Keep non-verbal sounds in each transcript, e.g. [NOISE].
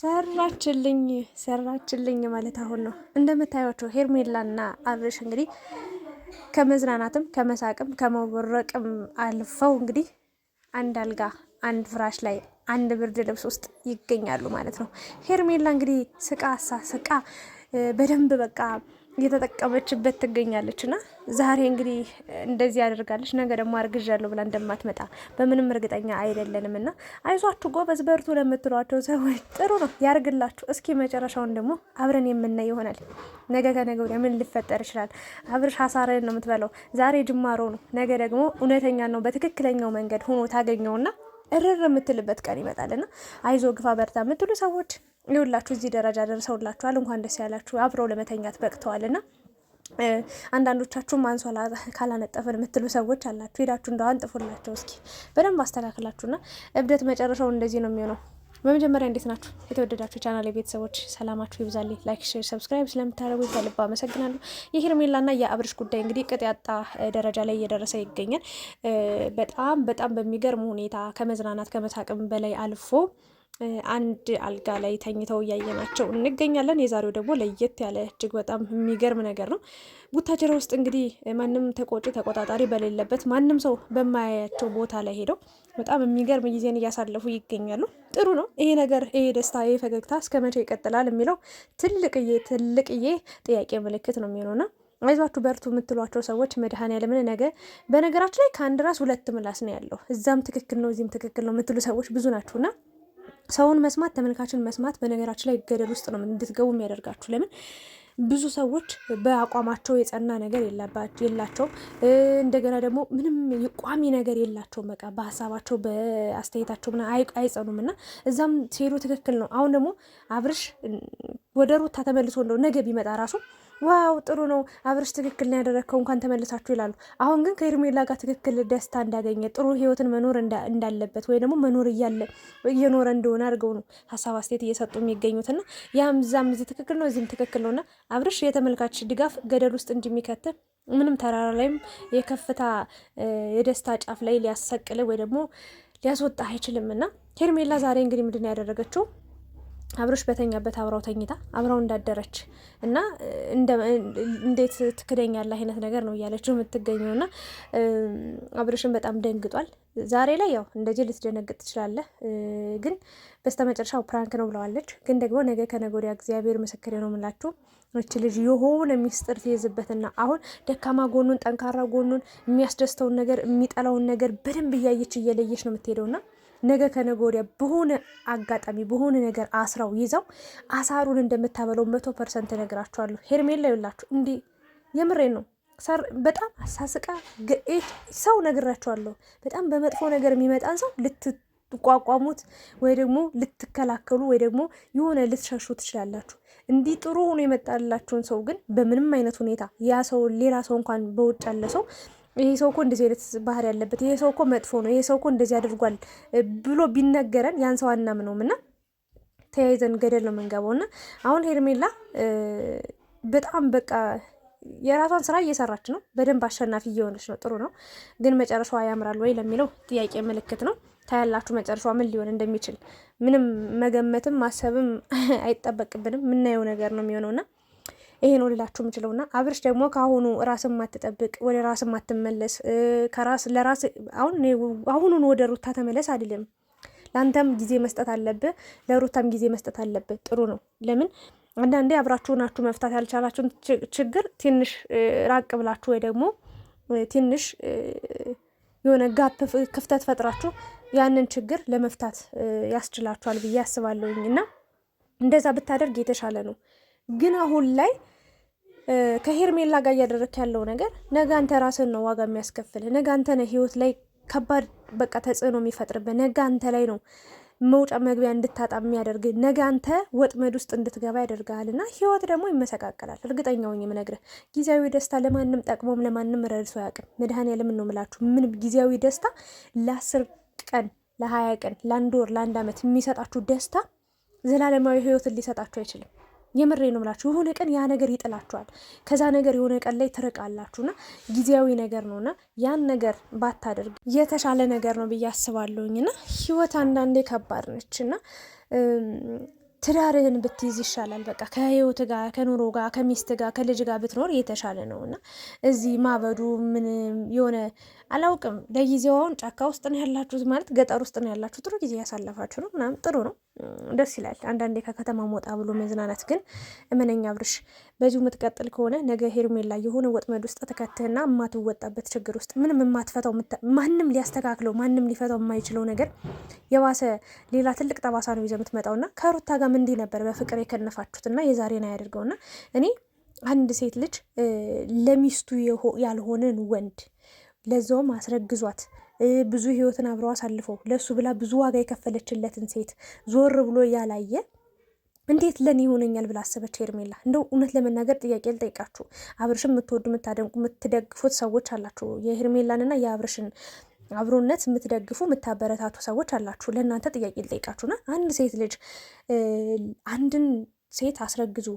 ሰራችልኝ ሰራችልኝ ማለት አሁን ነው። እንደምታዩቸው ሄርሜላና አብርሽ እንግዲህ ከመዝናናትም ከመሳቅም ከመወረቅም አልፈው እንግዲህ አንድ አልጋ አንድ ፍራሽ ላይ አንድ ብርድ ልብስ ውስጥ ይገኛሉ ማለት ነው። ሄርሜላ እንግዲህ ስቃ ሳ ስቃ በደንብ በቃ እየተጠቀመችበት ትገኛለች። እና ዛሬ እንግዲህ እንደዚህ ያደርጋለች፣ ነገ ደግሞ አርግዣለሁ ብላ እንደማትመጣ በምንም እርግጠኛ አይደለንም። እና አይዟችሁ ጎበዝ በርቱ ለምትሏቸው ሰዎች ጥሩ ነው ያርግላችሁ። እስኪ መጨረሻውን ደግሞ አብረን የምናይ ይሆናል። ነገ ከነገ ወዲያ ምን ሊፈጠር ይችላል? አብርሽ ሀሳርን ነው የምትበላው። ዛሬ ጅማሮ ነው፣ ነገ ደግሞ እውነተኛ ነው በትክክለኛው መንገድ ሆኖ ታገኘውና እርር የምትልበት ቀን ይመጣልና አይዞ ግፋ በርታ የምትሉ ሰዎች ይሁላችሁ እዚህ ደረጃ ደርሰውላችኋል። እንኳን ደስ ያላችሁ። አብረው ለመተኛት በቅተዋልና አንዳንዶቻችሁም አንሶላ ካላነጠፈን የምትሉ ሰዎች አላችሁ። ሄዳችሁ እንደው አንጥፉላቸው እስኪ በደንብ አስተካክላችሁና እብደት መጨረሻው እንደዚህ ነው የሚሆነው። በመጀመሪያ እንዴት ናችሁ የተወደዳችሁ ቻናል የቤተሰቦች ሰላማችሁ ይብዛል። ላይክ፣ ሼር፣ ሰብስክራይብ ስለምታደርጉ ከልብ አመሰግናለሁ። የሄርሜላና የአብርሽ ጉዳይ እንግዲህ ቅጥ ያጣ ደረጃ ላይ እየደረሰ ይገኛል። በጣም በጣም በሚገርም ሁኔታ ከመዝናናት ከመሳቅም በላይ አልፎ አንድ አልጋ ላይ ተኝተው እያየናቸው እንገኛለን። የዛሬው ደግሞ ለየት ያለ እጅግ በጣም የሚገርም ነገር ነው። ቡታጀራ ውስጥ እንግዲህ ማንም ተቆጪ ተቆጣጣሪ በሌለበት ማንም ሰው በማያያቸው ቦታ ላይ ሄደው በጣም የሚገርም ጊዜን እያሳለፉ ይገኛሉ። ጥሩ ነው ይሄ ነገር፣ ይሄ ደስታ፣ ይሄ ፈገግታ እስከ መቼ ይቀጥላል የሚለው ትልቅዬ ትልቅዬ ጥያቄ ምልክት ነው ና አይዟችሁ በርቱ የምትሏቸው ሰዎች መድኃኔዓለምን ነገ። በነገራችን ላይ ከአንድ ራስ ሁለት ምላስ ነው ያለው። እዛም ትክክል ነው እዚህም ትክክል ነው የምትሉ ሰዎች ብዙ ናችሁና ሰውን መስማት ተመልካችን መስማት በነገራችን ላይ ገደል ውስጥ ነው እንድትገቡ የሚያደርጋችሁ። ለምን ብዙ ሰዎች በአቋማቸው የጸና ነገር የላቸውም። እንደገና ደግሞ ምንም ቋሚ ነገር የላቸውም። በቃ በሀሳባቸው በአስተያየታቸው አይጸኑም እና እዛም ሲሄዱ ትክክል ነው። አሁን ደግሞ አብርሽ ወደ ሩታ ተመልሶ እንደው ነገ ቢመጣ ራሱ ዋው ጥሩ ነው አብርሽ፣ ትክክል ያደረግከው፣ እንኳን ተመልሳችሁ ይላሉ። አሁን ግን ከሄርሜላ ጋር ትክክል ደስታ እንዳገኘ ጥሩ ህይወትን መኖር እንዳለበት ወይ ደግሞ መኖር እየኖረ እንደሆነ አድርገው ነው ሀሳብ አስተያየት እየሰጡ የሚገኙትና ያም ዛም እዚህ ትክክል ነው እዚህም ትክክል ነውና አብርሽ የተመልካች ድጋፍ ገደል ውስጥ እንደሚከትል ምንም ተራራ ላይም የከፍታ የደስታ ጫፍ ላይ ሊያሰቅል ወይ ደግሞ ሊያስወጣ አይችልምና ሄርሜላ ዛሬ እንግዲህ ምንድን ነው ያደረገችው? አብሮሽ በተኛበት አብራው ተኝታ አብራው እንዳደረች እና እንዴት ትክደኛለህ አይነት ነገር ነው እያለችው የምትገኘው እና አብሮሽን በጣም ደንግጧል። ዛሬ ላይ ያው እንደዚህ ልትደነግጥ ትችላለህ፣ ግን በስተመጨረሻው ፕራንክ ነው ብለዋለች። ግን ደግሞ ነገ ከነጎዲያ እግዚአብሔር ምስክሬ ነው የምላችሁ እች ልጅ የሆነ ሚስጥር ትይዝበትና አሁን ደካማ ጎኑን፣ ጠንካራ ጎኑን፣ የሚያስደስተውን ነገር፣ የሚጠላውን ነገር በደንብ እያየች እየለየች ነው የምትሄደውና ነገ ከነገ ወዲያ በሆነ አጋጣሚ በሆነ ነገር አስራው ይዘው አሳሩን እንደምታበለው መቶ ፐርሰንት እነግራችኋለሁ። ሄርሜላ ይላችሁ እንዲህ የምሬን ነው። በጣም አሳስቃ ሰው ነግራችኋለሁ። በጣም በመጥፎ ነገር የሚመጣን ሰው ልትቋቋሙት ወይ ደግሞ ልትከላከሉ ወይ ደግሞ የሆነ ልትሸሹ ትችላላችሁ። እንዲህ ጥሩ ሆኖ የመጣላችሁን ሰው ግን በምንም አይነት ሁኔታ ያ ሰው ሌላ ሰው እንኳን በውጭ ያለ ሰው ይሄ ሰው እኮ እንደዚህ አይነት ባህሪ ያለበት፣ ይሄ ሰው እኮ መጥፎ ነው፣ ይሄ ሰው እኮ እንደዚህ አድርጓል ብሎ ቢነገረን ያን ሰው አናምነውም እና ተያይዘን ገደል ነው የምንገባው። እና አሁን ሄርሜላ በጣም በቃ የራሷን ስራ እየሰራች ነው። በደንብ አሸናፊ እየሆነች ነው። ጥሩ ነው። ግን መጨረሻዋ ያምራል ወይ ለሚለው ጥያቄ ምልክት ነው። ታያላችሁ መጨረሻዋ ምን ሊሆን እንደሚችል ምንም መገመትም ማሰብም [LAUGHS] አይጠበቅብንም። ምናየው ነገር ነው የሚሆነውና ይሄ ነው ልላችሁ የምችለው እና አብርሽ ደግሞ ከአሁኑ ራስን ማትጠብቅ ወደ ራስ ማትመለስ ከራስ ለራስ አሁን አሁኑን ወደ ሩታ ተመለስ አይደለም። ለአንተም ጊዜ መስጠት አለብህ፣ ለሩታም ጊዜ መስጠት አለብህ። ጥሩ ነው። ለምን አንዳንዴ አብራችሁ ናችሁ መፍታት ያልቻላችሁን ችግር ትንሽ ራቅ ብላችሁ ወይ ደግሞ ትንሽ የሆነ ጋፕ ክፍተት ፈጥራችሁ ያንን ችግር ለመፍታት ያስችላችኋል ብዬ አስባለሁኝ እና እንደዛ ብታደርግ የተሻለ ነው ግን አሁን ላይ ከሄርሜላ ጋር እያደረክ ያለው ነገር ነገ አንተ ራስን ነው ዋጋ የሚያስከፍል። ነገ አንተ ነህ ህይወት ላይ ከባድ በቃ ተጽዕኖ የሚፈጥርብህ። ነገ አንተ ላይ ነው መውጫ መግቢያ እንድታጣ የሚያደርግ ነገ አንተ ወጥመድ ውስጥ እንድትገባ ያደርግሃል። እና ህይወት ደግሞ ይመሰቃቀላል። እርግጠኛውን የምነግርህ ጊዜያዊ ደስታ ለማንም ጠቅሞም ለማንም ረድሶ አያውቅም። መድኃኔዓለም ነው የምላችሁ። ምን ጊዜያዊ ደስታ ለአስር ቀን ለሀያ ቀን ለአንድ ወር ለአንድ ዓመት የሚሰጣችሁ ደስታ ዘላለማዊ ህይወትን ሊሰጣችሁ አይችልም። የምሬ ነው ብላችሁ የሆነ ቀን ያ ነገር ይጥላችኋል። ከዛ ነገር የሆነ ቀን ላይ ትርቃላችሁና ጊዜያዊ ነገር ነውና ያን ነገር ባታደርግ የተሻለ ነገር ነው ብዬ አስባለሁኝና ህይወት አንዳንዴ ከባድ ነች እና ትዳርህን ብትይዝ ይሻላል። በቃ ከህይወት ጋር ከኑሮ ጋር ከሚስት ጋር ከልጅ ጋር ብትኖር የተሻለ ነው እና እዚህ ማበዱ ምን የሆነ አላውቅም። ለጊዜው አሁን ጫካ ውስጥ ነው ያላችሁት፣ ማለት ገጠር ውስጥ ነው ያላችሁ፣ ጥሩ ጊዜ ያሳለፋችሁ ነው ምናምን ጥሩ ነው፣ ደስ ይላል። አንዳንዴ ከከተማ ወጣ ብሎ መዝናናት ግን እመነኛ ብርሽ በዚሁ የምትቀጥል ከሆነ ነገ ሄርሜላ የሆነ ወጥመድ ውስጥ ተከትህና የማትወጣበት ችግር ውስጥ ምንም የማትፈታው ማንም ሊያስተካክለው ማንም ሊፈታው የማይችለው ነገር የባሰ ሌላ ትልቅ ጠባሳ ነው ይዘ የምትመጣውና ከሩታ ጋርም እንዲህ ነበር በፍቅር የከነፋችሁትና የዛሬን አያደርገውና እኔ አንድ ሴት ልጅ ለሚስቱ ያልሆነን ወንድ ለዛውም አስረግዟት ብዙ ህይወትን አብረው አሳልፈው ለእሱ ብላ ብዙ ዋጋ የከፈለችለትን ሴት ዞር ብሎ ያላየ እንዴት ለኔ ይሆነኛል ብላ አሰበች ሄርሜላ። እንደው እውነት ለመናገር ጥያቄ ልጠይቃችሁ፣ አብርሽን የምትወዱ የምታደንቁ፣ የምትደግፉት ሰዎች አላችሁ የሄርሜላንና የአብርሽን አብሮነት የምትደግፉ የምታበረታቱ ሰዎች አላችሁ። ለእናንተ ጥያቄ ልጠይቃችሁና አንድ ሴት ልጅ አንድን ሴት አስረግዙ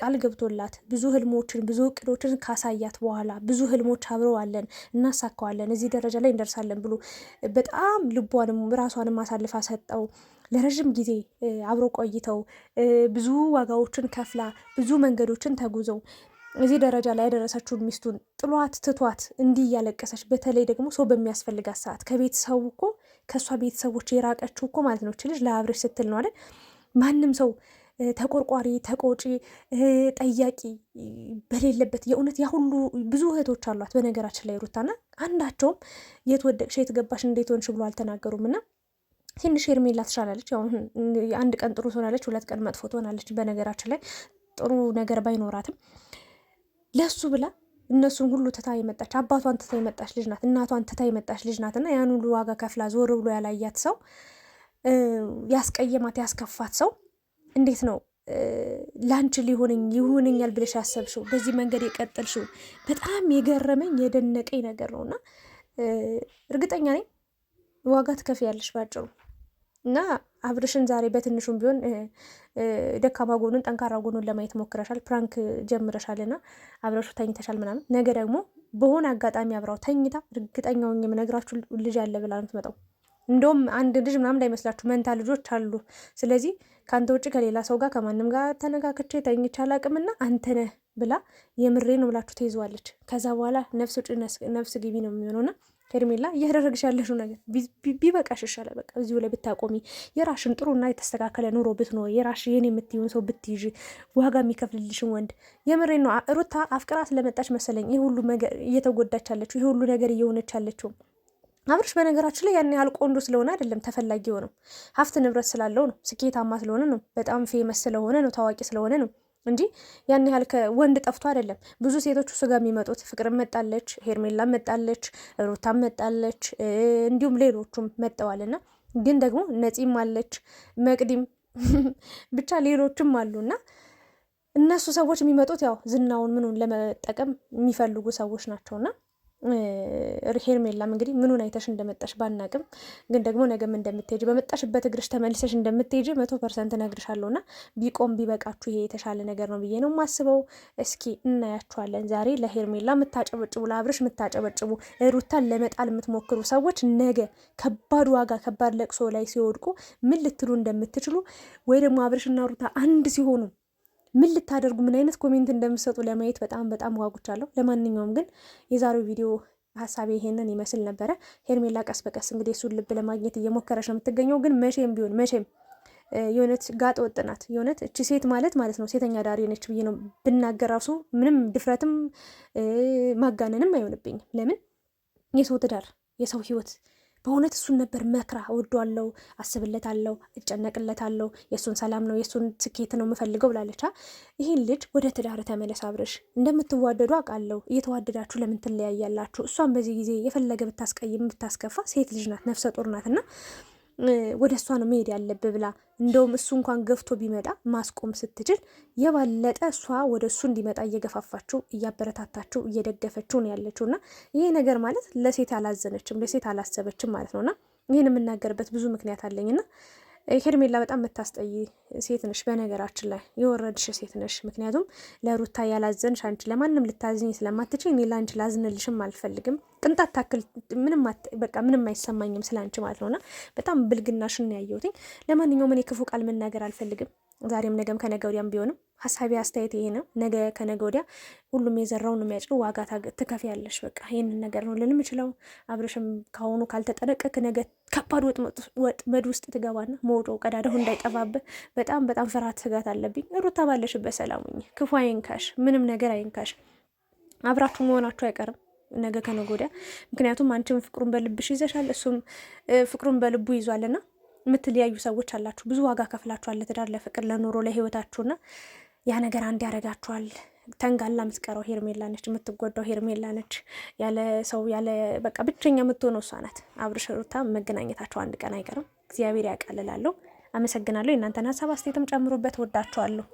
ቃል ገብቶላት ብዙ ህልሞችን ብዙ እቅዶችን ካሳያት በኋላ ብዙ ህልሞች አብረው አለን እናሳካዋለን፣ እዚህ ደረጃ ላይ እንደርሳለን ብሎ በጣም ልቧንም ራሷንም አሳልፋ ሰጠው። ለረዥም ጊዜ አብሮ ቆይተው ብዙ ዋጋዎችን ከፍላ ብዙ መንገዶችን ተጉዘው እዚህ ደረጃ ላይ ያደረሰችውን ሚስቱን ጥሏት ትቷት እንዲህ እያለቀሰች በተለይ ደግሞ ሰው በሚያስፈልጋት ሰዓት ከቤተሰቡ እኮ ከእሷ ቤተሰቦች የራቀችው እኮ ማለት ነው። ችልጅ ልጅ ስትል ነው አይደል? ማንም ሰው ተቆርቋሪ፣ ተቆጪ፣ ጠያቂ በሌለበት የእውነት ያ ሁሉ ብዙ እህቶች አሏት። በነገራችን ላይ ሩታና አንዳቸውም የት ወደቅሽ የት ገባሽ እንዴት ሆንሽ ብሎ አልተናገሩም እና ትንሽ ሄርሜላ ትሻላለች። አንድ ቀን ጥሩ ትሆናለች፣ ሁለት ቀን መጥፎ ትሆናለች። በነገራችን ላይ ጥሩ ነገር ባይኖራትም ለሱ ብላ እነሱን ሁሉ ትታ የመጣች አባቷን ትታ የመጣች ልጅ ናት። እናቷን ትታ የመጣች ልጅ ናት እና ያን ሁሉ ዋጋ ከፍላ ዞር ብሎ ያላያት ሰው ያስቀየማት ያስከፋት ሰው እንዴት ነው ላንቺ ሊሆንኝ ይሆንኛል ብለሽ ያሰብሽው በዚህ መንገድ የቀጠልሽው በጣም የገረመኝ የደነቀኝ ነገር ነው እና እርግጠኛ ነኝ ዋጋ ትከፍያለሽ ባጭሩ። እና አብርሽን ዛሬ በትንሹም ቢሆን ደካማ ጎኑን ጠንካራ ጎኑን ለማየት ሞክረሻል፣ ፕራንክ ጀምረሻል እና አብረሹ ተኝተሻል ምናምን። ነገ ደግሞ በሆነ አጋጣሚ አብራው ተኝታ እርግጠኛውን የምነግራችሁ ልጅ ያለ ብላ ነው የምትመጣው። እንደውም አንድ ልጅ ምናምን እንዳይመስላችሁ መንታ ልጆች አሉ። ስለዚህ ከአንተ ውጭ ከሌላ ሰው ጋር ከማንም ጋር ተነካክቼ ተኝቼ አላቅምና አንተ ነህ ብላ የምሬ ነው ብላችሁ ተይዘዋለች። ከዛ በኋላ ነፍስ ውጭ ነፍስ ግቢ ነው የሚሆነውና ሄርሜላ እያደረግሽ ያለሽው ነገር ቢበቃሽ ይሻላል። በቃ እዚሁ ላይ ብታቆሚ፣ የራሽን ጥሩና የተስተካከለ ኑሮ ብትኖር፣ የራሽ የኔ የምትሆን ሰው ብትይዥ፣ ዋጋ የሚከፍልልሽን ወንድ። የምሬ ነው ሩታ አፍቅራ ስለመጣች መሰለኝ ይህ ሁሉ ነገር እየተጎዳች አለችው፣ ይህ ሁሉ ነገር እየሆነች አለችው። አብርሽ በነገራችን ላይ ያን ያህል ቆንጆ ስለሆነ አይደለም ተፈላጊ ሆነው፣ ሀብት ንብረት ስላለው ነው፣ ስኬታማ ስለሆነ ነው፣ በጣም ፌመስ ስለሆነ ነው፣ ታዋቂ ስለሆነ ነው እንጂ ያን ያህል ከወንድ ጠፍቶ አይደለም። ብዙ ሴቶች እሱ ጋር የሚመጡት ፍቅር መጣለች፣ ሄርሜላ መጣለች፣ ሩታ መጣለች፣ እንዲሁም ሌሎቹም መጠዋልና ግን ደግሞ ነፂም አለች፣ መቅዲም [LAUGHS] ብቻ ሌሎችም እና እነሱ ሰዎች የሚመጡት ያው ዝናውን ምኑን ለመጠቀም የሚፈልጉ ሰዎች ናቸውና ሄርሜላም እንግዲህ ምኑን አይተሽ እንደመጣሽ ባናቅም ግን ደግሞ ነገም እንደምትሄጅ በመጣሽበት እግርሽ ተመልሰሽ እንደምትሄጅ መቶ ፐርሰንት እነግርሻለሁ። እና ቢቆም ቢበቃችሁ ይሄ የተሻለ ነገር ነው ብዬ ነው ማስበው። እስኪ እናያችኋለን። ዛሬ ለሄርሜላ የምታጨበጭቡ፣ ለአብርሽ የምታጨበጭቡ፣ ሩታን ለመጣል የምትሞክሩ ሰዎች ነገ ከባድ ዋጋ ከባድ ለቅሶ ላይ ሲወድቁ ምን ልትሉ እንደምትችሉ ወይ ደግሞ አብርሽና ሩታ አንድ ሲሆኑ ምን ልታደርጉ ምን አይነት ኮሜንት እንደምሰጡ ለማየት በጣም በጣም ዋጉቻለሁ። ለማንኛውም ግን የዛሬው ቪዲዮ ሀሳቤ ይሄንን ይመስል ነበረ። ሄርሜላ ቀስ በቀስ እንግዲህ እሱን ልብ ለማግኘት እየሞከረች ነው የምትገኘው። ግን መቼም ቢሆን መቼም የሆነች ጋጥ ወጥ ናት። የሆነት እቺ ሴት ማለት ማለት ነው ሴተኛ ዳሪ ነች ብዬ ነው ብናገር ራሱ ምንም ድፍረትም ማጋነንም አይሆንብኝም። ለምን የሰው ትዳር የሰው ህይወት በእውነት እሱን ነበር መክራ አለው እጨነቅለት አለው የእሱን ሰላም ነው የእሱን ስኬት ነው የምፈልገው ብላለች። ይህን ልጅ ወደ ትዳር ተመለስ አብርሽ፣ እንደምትዋደዱ አውቃለሁ። እየተዋደዳችሁ ለምን ትለያያላችሁ? እሷን በዚህ ጊዜ የፈለገ ብታስቀይም ብታስከፋ ሴት ልጅ ናት፣ ነፍሰ ጡር ናት እና ወደ እሷ ነው መሄድ ያለብህ ብላ እንደውም እሱ እንኳን ገፍቶ ቢመጣ ማስቆም ስትችል የባለጠ እሷ ወደ እሱ እንዲመጣ እየገፋፋችው፣ እያበረታታችው፣ እየደገፈችው ነው ያለችው እና ይሄ ነገር ማለት ለሴት አላዘነችም፣ ለሴት አላሰበችም ማለት ነው ና ይህን የምናገርበት ብዙ ምክንያት አለኝና ሄርሜላ በጣም የምታስጠይ ሴት ነሽ። በነገራችን ላይ የወረድሽ ሴት ነሽ። ምክንያቱም ለሩታ ያላዘንሽ አንቺ ለማንም ልታዝኝ ስለማትች እኔ ለአንቺ ላዝንልሽም አልፈልግም። ቅንጣት ታክል በቃ ምንም አይሰማኝም ስለ አንቺ ማለት ነውና በጣም ብልግናሽን ያየሁትኝ። ለማንኛውም እኔ ክፉ ቃል መናገር አልፈልግም። ዛሬም ነገም ከነገ ወዲያም ቢሆንም ሀሳቢ አስተያየት ይሄ ነው። ነገ ከነገ ወዲያ ሁሉም የዘራውን የሚያጭደው ዋጋ ትከፍያለሽ። በቃ ይህንን ነገር ነው ልንም ችለው አብረሽም ከአሁኑ ካልተጠነቀቅ ነገ ከባድ ወጥመድ ውስጥ ትገባና መውጦ ቀዳዳው እንዳይጠፋብህ በጣም በጣም ፍርሃት፣ ስጋት አለብኝ። ሩታ ባለሽበት ሰላሙኝ፣ ክፉ አይንካሽ፣ ምንም ነገር አይንካሽ። አብራችሁ መሆናችሁ አይቀርም ነገ ከነገ ወዲያ ምክንያቱም አንቺም ፍቅሩን በልብሽ ይዘሻል፣ እሱም ፍቅሩን በልቡ ይዟልና የምትለያዩ ሰዎች አላችሁ። ብዙ ዋጋ ከፍላችኋል፣ ለትዳር፣ ለፍቅር፣ ለኑሮ፣ ለህይወታችሁና ያ ነገር አንድ ያደርጋችኋል። ተንጋላ የምትቀረው ሄርሜላ ነች፣ የምትጎዳው ሄርሜላ ነች። ያለ ሰው ያለ በቃ ብቸኛ የምትሆነው እሷ ናት። አብርሽ ሩታ መገናኘታቸው አንድ ቀን አይቀርም። እግዚአብሔር ያቃልላለሁ። አመሰግናለሁ። የእናንተን ሀሳብ አስተያየትም ጨምሮበት ወዳችኋለሁ።